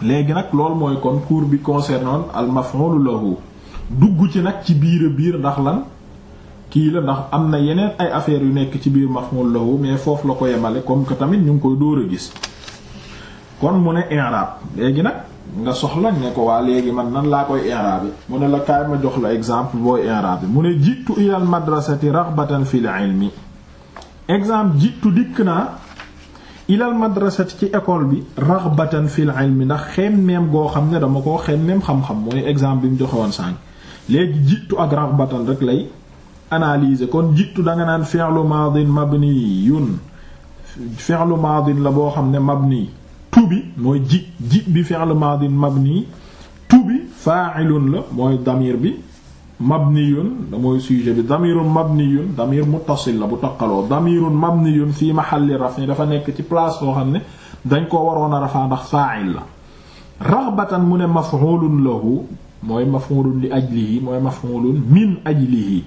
léegi nag loolu mooy kon cours bi concernant al maf'ul lahu dugg ci nag ci biir biir ndax lan kii la ndax am na yeneen ay affaires yu nekk ci biir maf'ul lahu mais foofu la ko yemale comme que tamit ñu ngi koy dóor a gis kon mu ne i'rab léegi nag nga soxla ne ko waa léegi man nan laa koy i'rab bi mu ne la kaay ma jox la exemple booy i'rab bi mu ne jiitu ilal madrasati raghbatan fil ilmi exemple jiitu dikk naa ilal madrasati ci école bi raghbatan fil ilmi ndax xemmeem goo xam ne dama koo xemmeem xam-xam mooy exemple bi mu joxe woon sànq léegi jiitu ak raghbatan rek lay analyser kon jiitu danga naan fi'lu madin mabniyun fi'lu madin la boo xam ne mabni tubi mooy ji ji bi fi'l madin mabni tubi fa'ilun la mooy damir bi mabniyun mooy sujet bi damirun mabniyun damir muttasil la bu taqaloo damirun mabniyun fi raf raf'i dafa nekk ci place boo xam ne dañ koo waroon a rafaa ndax fa'il la raghbatan mu ne maf'ulun lahu mooy maf'ulun li ajlihi mooy maf'ulun min ajlihi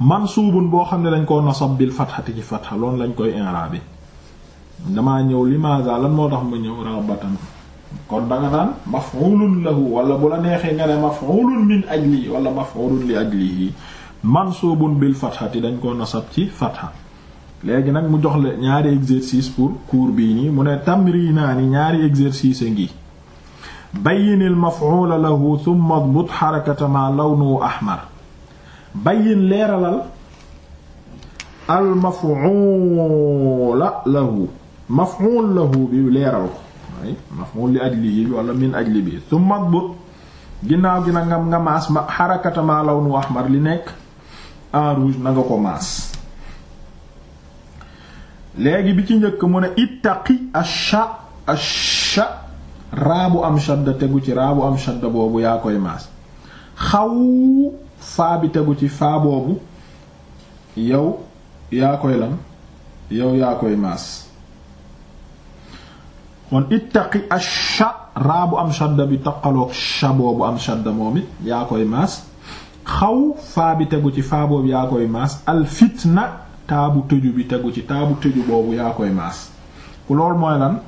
mansuubun boo xam ne dañ koo nasab bil fathati ci fatha loolu lañ koy i'rab bi damaa ñëw limaza lan moo tax ma ñëw raghbatan kon danga naan maf'ulun lahu wala bu la neexee nga ne maf'ulun min ajli wala maf'ulun li ajlihi mansubun bil fathati dañ ko nasab ci fatha léegi nag mu jox la ñaari exercice pour cours bii nii mu ne tamrinaani ñaari exercice ngi bayyin al maf'ula lahu thumma adbut harakata ma lawnu ahmar bayyin leeralal al maf'ula lahu maf'ul lahu bi leeral ko ay maf'ul li ajlihi min ajli bi summa bu ginnaaw gi nag nga maas ma xarakata ma lawnu ahmar li nekk en rouge na nga ko maas léegi bi ci njëkk mu ne ittaqi asha asha raabu am shadda tegu ci raabu am shadda boobu yaa koy maas xaw faa bi tegu ci faa boobu yow yaa koy lan yow yaa koy maas kon ittaqi asha raa bu am shadda bi taqaloog sha boobu am shadda moom it yaa koy maas xaw faa bi tegu ci faa boobu yaa koy maas al fitna taabu tëju bi tegu ci taabu tëju boobu yaa koy maas ku lool mooy lan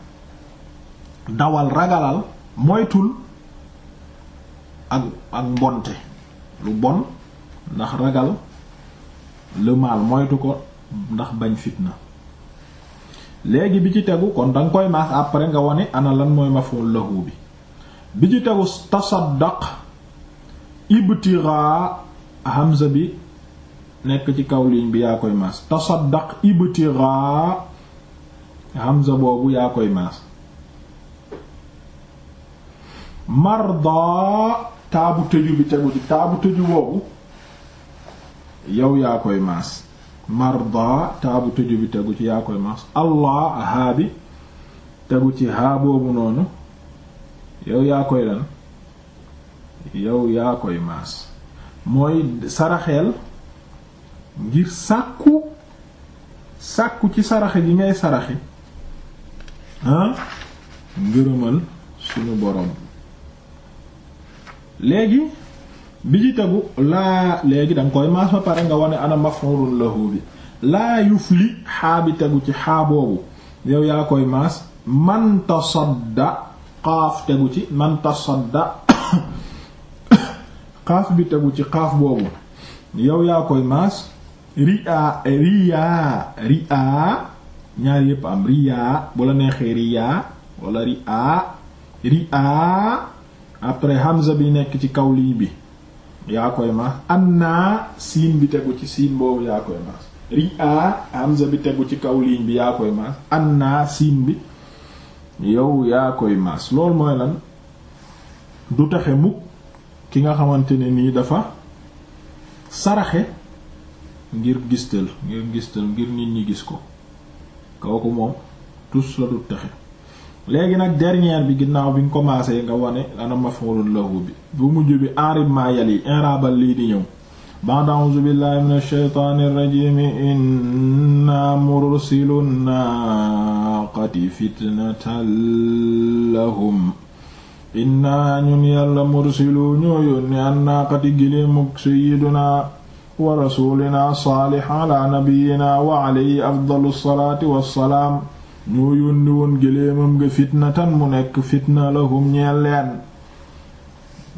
dawal ragalal moytul ak ak mbonte lu bon ndax ragal le mal moytu ko ndax bañ fitna léegi bi ci tegu kon danga koy maas après nga wane ana lan mooy maful lahu bi bi ci tegu tasaddaq ibtira hamza bi nekk ci kaw ligne bi yaa koy maas tasaddaq ibtira hamza boobu yaa koy maas marda taabu tëju bi tegu ci taabu tëju boobu yow yaa koy maas marda taabu tëju bi tegu ci yaa koy maas allah haa bi tegu ci haa boobu noonu yow yaa koy lan yow yaa koy maas mooy saraxeel ngir sàkku sàkku ci saraxe ji ngay saraxi ah ngërëmal suñu borom léegi bi ci tegu laa léegi danga koy maas ba pare nga wane ana maf'ulun lahu bi laa yufli xaa bi tegu ci xaa boobu yow yaa koy maas man xaaf tegu ci man [coughs] xaaf bi tegu ci xaaf boobu yow yaa koy maas riyaa riyaa riyaa ñaar yépp am riyaa bu la neexee après hamza bi nekk ci kaw lii bi yaa koy maas annaa siin bi tegu ci siin boobu yaa koy maas ri a hamza bi tegu ci kaw ligne bi yaa koy maas annaa siin bi yow yaa koy maas loolu mooy lan du texe mukk ki nga xamante ne nii dafa saraxe ngir gistal ngir gistal ngir nit ñi gis ko kooku moom tus la du taxe léegi nag dernière bi ginnaaw bi nga commencé nga wane ana maf'ulun lahu bu mujj bi enrib maa yali inraabal lii di ñëw ba'da a'uuzu billahi min ashaytaani irrajim inna mursilu naaqati lahum inna ñun yàlla mursilu ñoo yónni an naaqati giléemuk sayyidina wa rasulina saalih ala nabiyyina wa alayhi afdalu salaati wassalaam ñoo yónni woon géléemam nga fitnatan mu nekk fitna lahum ñeel leen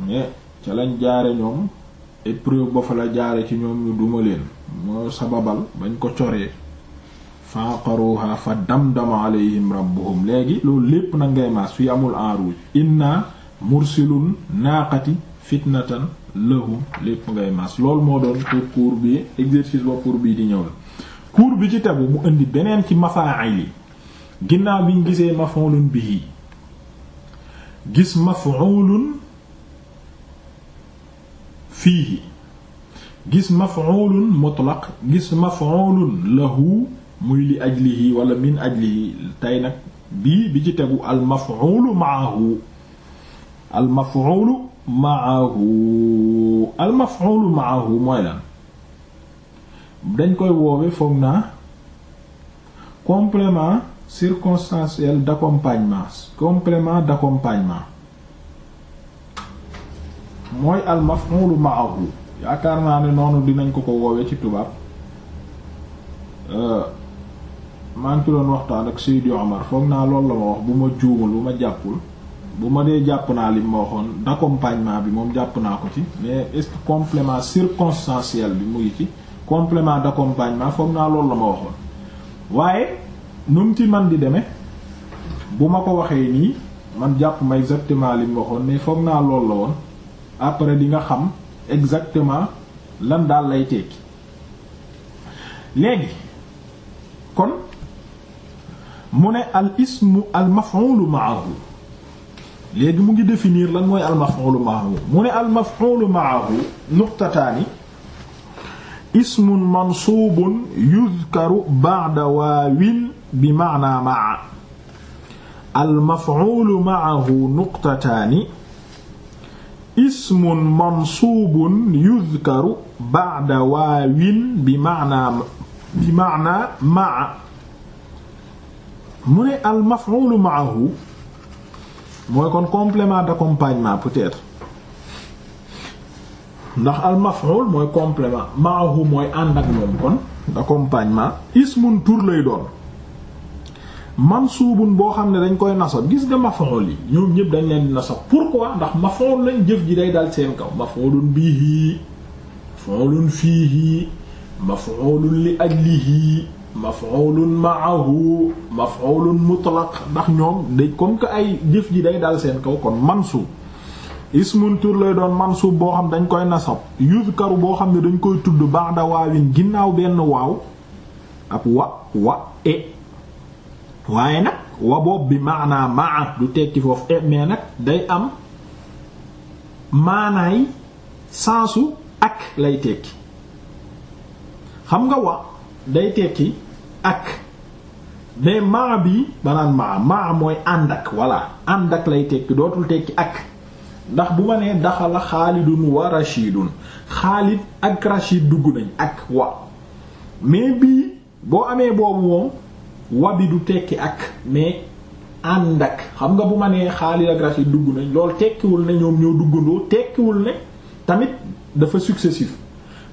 ne ca lañ jaare ñoom épreuve ba fa la jaare ci ñoom ñu duma leen moo sababal bañ ko coree faqaruha fa damdama alayhim rabbuhum léegi loolu lépp na ngay maas fi amul en rouge inna mursilun naaqati fitnatan lahum lépp ngay maas loolu moo doon pour cours bi exercice ba bii di ñëw la cours bi ci tegu mu indi beneen ci mafaa'il yi ginnaaw bi ñu gisee maf'ulun bihi gis maf'ulun fiihi gis maf'ulun mutlaq gis maf'ulun lahu muy li ajlihi wala min ajlihi tey nag bii bi ci tegu al maf'ulu ma'ahu al maf'ulu ma'ahu al mooy lan dañ koy woowe foog naa complément circonstanciel d'accompagnement complément d'accompagnement mooy al maf'ul ma'ahu yaakaar naa ne noonu dinañ ko ko woowee ci tubaab euh, maa ngi ci doon waxtaan ak Seydi Omar foog naa lool la ma wax bu ma jàppul bu ma dee jàpp naa li ma waxoon d'accompagnement bi moom jàpp naa ko ci mais est-ce que complément circonstanciel bi mu ngi ci complément d'accompagnement foog naa loolu la ma waxoon waaye nu ci man di deme bu ma ko waxee nii man jàpp ma exactement li waxoon ne foog naa lool la woon après di nga xam exactement lan daal lay tekki léegi kon mu ne al ismu al maf'ul ma'ahu léegi mu ngi definir lan mooy al maf'ul ma'ahu mu ne al maf'ul ma'ahu nuqtataani ismun mansubun yuzkaru ba'da waawin bi maana maa al maf'ul ma'ahu nuqtataani ismun mansuubun yudkaru ba'da waawin bi maa mu ne al ma'ahu mooy kon complément d'accompagnement peut-être ndax al maf'ul mooy complément ma'ahu mooy ànd ak moom kon ismun tur lay doon mansuubun boo xam ne dañ koy nasab gis nga maf'ul yi ñoom ñëpp dañ leen di nasab pourquoi ndax maf'ul lañ jëf ji day dal seen kaw maf'ulun bihi maf'ulun fiihi maf'ulun li ajlihi maf'ulun ma'ahu maf'ulun mutlaq ndax ñoom dañ comme que ay jëf ji day dal seen kaw kon mansuub ismun tur lay doon mansuub boo xam dañ koy nasab yuzkaru boo xam ne dañ koy tudd ba'da waawin ginnaaw benn waaw ab wa wa e waaye nag wa boobu bi maanaa maa du tekki foofu mais nag day am maanaay sansu ak lay tekki xam nga wa day tekki ak mais maa bi banaan maa maa mooy ànd ak voilà ànd ak lay tekki dootul tekki ak ndax bu ma nee daxala xaalidun wa rashidun xaalid ak rashid dugg nañ ak wa mais bii boo amee boobu moom wabi du tekki ak mais ànd ak xam nga bu ma nee Xaalid ak Rashid dugg nañ lool tekkiwul ne ñoom ñoo duggandoo tekkiwul ne tamit dafa successif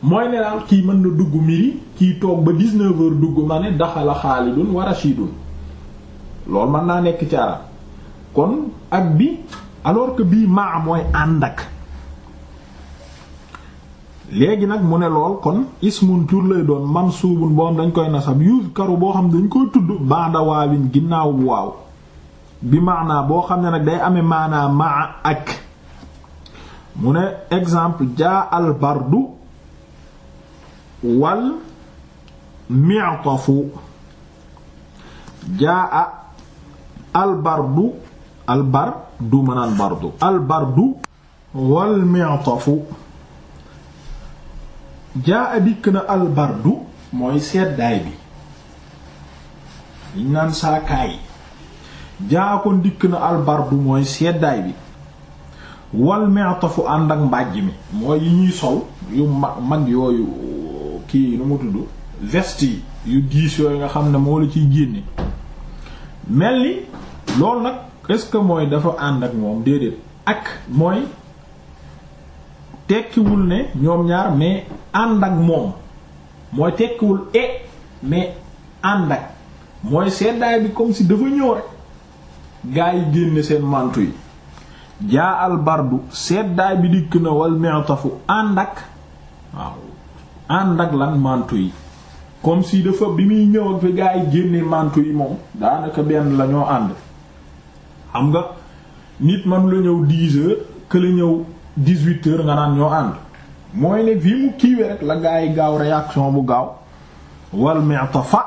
mooy ne daal kii mën na dugg midi kii toog ba 19 heures dugg ma ne daxala Xaalidun wa Rashidun loolu mën naa nekk ci kon ak bi alors que bii maa mooy ànd ak léegi nag mu ne lool kon ismun tur lay doon mansuubun boo xam dañ koy nasab yuzkaru boo xam dañ koy tudd ba'da waawin ginnaaw waaw bi maanaa boo xam ne nag day amee maanaa maa ak mu ne exemple jaa al bardu wal mi'tafu jaa a al bardu al bardu manaan bardu al bardu wal mi'tafu jaa dikk na albardu mooy seddaay bi liñ naan saakaay jaa kon dikk na albardu mooy seddaay bi wal meetafu ànd ak mbàjj mi mooy yi ñuy sol yu mag yooyu kii nu mu tudd veste yi yu diis yooyu nga xam ne moo la ciy génne mel ni loolu nag est-ce mooy dafa ànd ak moom déedéet ak mooy tekkiwul ne ñoom ñaar mais ànd ak moom mooy tekkiwul e mais ànd ak mooy seddaay bi comme si dafa ñëw rek gaa yi génne seen mantu yi jaa al bardu seddaay bi dikk na wal mi'tafu ànd ak waaw ànd ak lan mantu yi comme si dafa bi muy ñëw ak fi gaa yi génne mantu yi moom daanaka benn lañoo ñoo ànd xam nga nit man la ñëw dix heures que ñëw dix-huit heures nga naan ñoo ànd mooy ne fii mu kiiwee rek la gaa yi gaaw réaction bu gaaw wal mi'tafa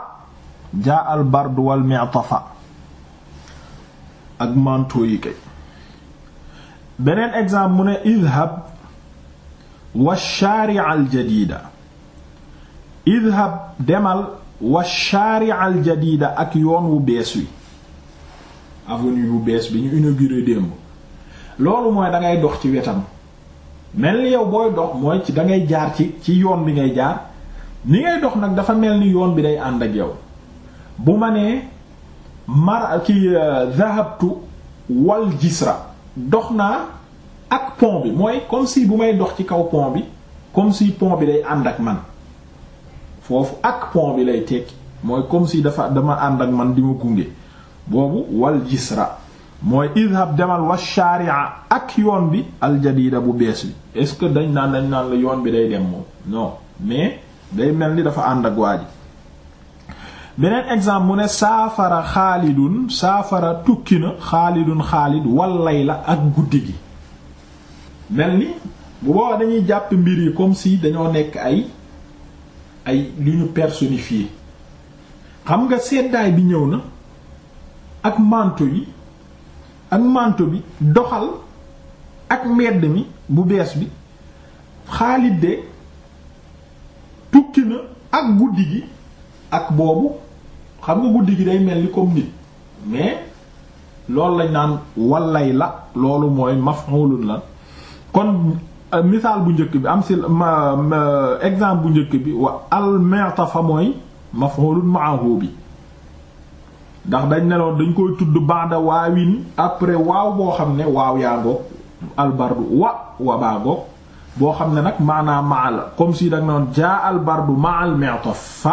jaa al bard wal mi'tafa ak manto yi kay beneen exemple mu ne idhab wa shaari'a al jadida idhab demal wa shaari'a al jadida ak yoon wu bees wi avenue bu bees bi ñu inauguré démb loolu mooy dangay dox ci wetam mel ni yow booy dox mooy ci dangay jaar ci ci yoon bi ngay jaar ni ngay dox nag dafa mel ni yoon bi day ànd ak yow bu ma nee mar ki euh, zahabtu wal jisra dox naa ak pont bi mooy comme si bu may dox ci kaw pont bi comme si pont bi day ànd ak man foofu ak pont bi lay tekki mooy comme si dafa dama ànd ak man di ma gunge boobu wal jisra mooy idhab demal wa shari'a ak yoon bi aljadida bu bees bi est-ce que dañ naan dañ naan la yoon bi day dem moom non mais day mel ni dafa ànd ak waa ji beneen exemple mu ne saafara xaalidun saafara tukki na xaalidun xaalid wallay la ak guddi gi mel ni bu boobaa dañuy jàpp mbir yi comme si dañoo nekk ay ay lu ñu personnifié xam nga seddaay bi ñëw na ak manto yi ak manto bi doxal ak mbedd mi bu bees bi Xaalid de tukki na ak guddi gi ak boobu xam nga guddi gi day mel ni comme nit mais loolu lañ naan wallay la loolu mooy maf'ulun la kon euh, misaal bu njëkk bi am si ma exemple bu njëkk bi wa al-mu'tafa mooy maf'ulun ma'ahu bi ndax dañ neloon dañ koy tudd banda waawin après waaw boo xam ne waaw yaa ngoog albardu wa wa baa ngoog boo xam ne nag maanaa maal comme si danga noon jaa albardu maal mi'taf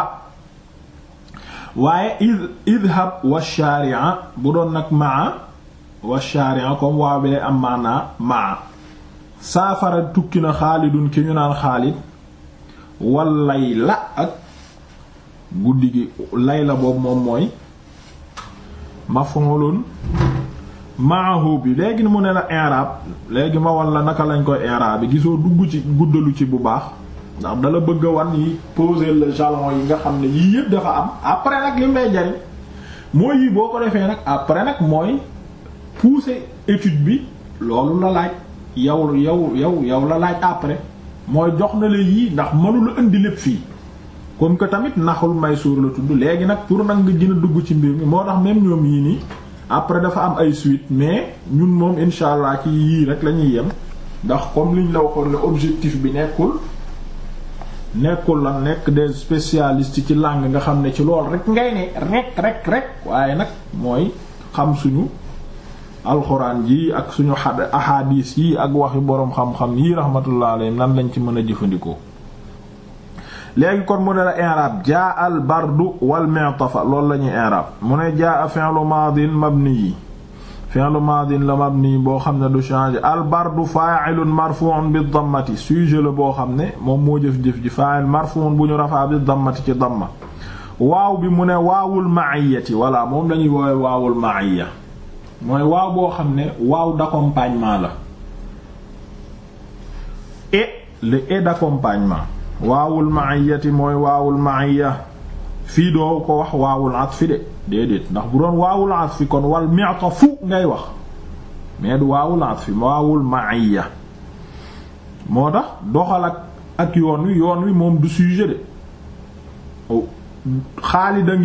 bu doon nag maa wa shari'a comme waaw bi lay am maanaa maa saafara tukki na xaalidun ki ñu naan xaalid wal layla ak guddi gi layla boobu moom mooy ma maf'ulun maahu bi léegi mu ne la i'rab léegi ma wan la naka lañ koy i'rab bi gisoo dugg ci guddalu ci bu baax ndax dala bëgg a wan yi poser le jalon yi nga xam ne yii yëpp dafa am après nag li may jariñ mooy yii boo ko defee nag après nag mooy pousser étude bi loolu la laaj yow yow yow yow la laaj après mooy jox na la yii ndax mënula indi lépp fii comme que tamit naxul Maysuur la tudd léegi nag pour nag nga jën a dugg ci mbir mi moo tax même ñoom yii nii après dafa am ay suite mais ñun moom insha allah ci yii rek la ñuy yem ndax comme liñ la waxoon objectif bi nekkul nekkul la nekk des spécialistes ci langue nga xam ne ci lool rek ngay ne rek rek rek waaye nag mooy xam suñu alxuraan ji ak suñu xad ahadis yi ak wax waxi boroom xam-xam yi rahmatullah alayhi nan lañ ci mën a jëfandikoo léegi kon mu ne la i'rab jaa al bardu wal mi'tafa loolu la ñuy i'rab mu ne jaa fi'lu maadin mabni fi'lu maadin la mabni boo xam ne du changer al bardu fa'ilun marfu'un bi dammati sujet la boo xam ne moom moo jëf-jëf ji fa'il marfu'un bu ñu rafaa bi dammati ci damma waaw bi mu ne waawul ma'iyati walla moom lañuy woowe waawul ma'iya mooy waaw boo xam ne waaw d'accompagnement la e le et d'accompagnement waawul ma'iyati mooy waawul ma'iya fii doo ko wax waawul atfi de déedéet ndax bu doon waawul atfi kon wal mi'tafu ngay waawul atfi waawul moo tax doxal ak ak yoon wi yoon wi moom du sujet de oh, Xaalid a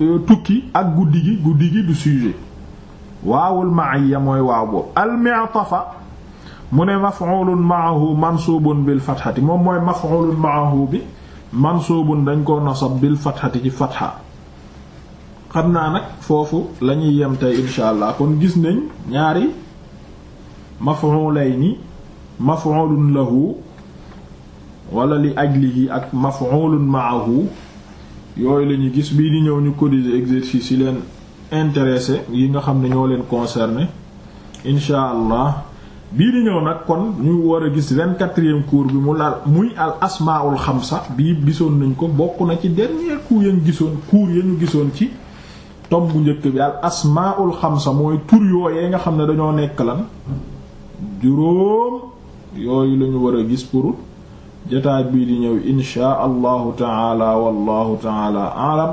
euh, tukki ak guddi gi guddi gi du sujet waawul ma'iya mooy waaw boobu al mi'tafa mu ne maf'ulun ma'ahu mansubun bil fathati moom mooy maf'ulun ma'ahu bi mansubun dañ ko nasab bil fathati ci fatha xam naa nag foofu la ñuy yem tey insha allah kon gis nañ ñaari maf'ulayni maf'ulun lahu wala li ajlihi ak maf'ulun ma'ahu yooyu la ñu gis bii di ñëw ñu corriger exercice yi leen intéressé yi nga xam ne ñoo leen concerné incha allah bii di ñëw nag kon ñu war a gis vingt-quatrième cours bi mu lal muy al asmaul xamsa bii gisoon nañ ko bokk na ci dernier cours yañ gisoon cours yañu gisoon ci tom bu njëkk bi al asmaul xamsa mooy tur yooyee nga xam ne dañoo nekk lan juróom yooyu lañu war a gis pour jotaay bii di ñëw inshaa allahu taala wallahu taala alam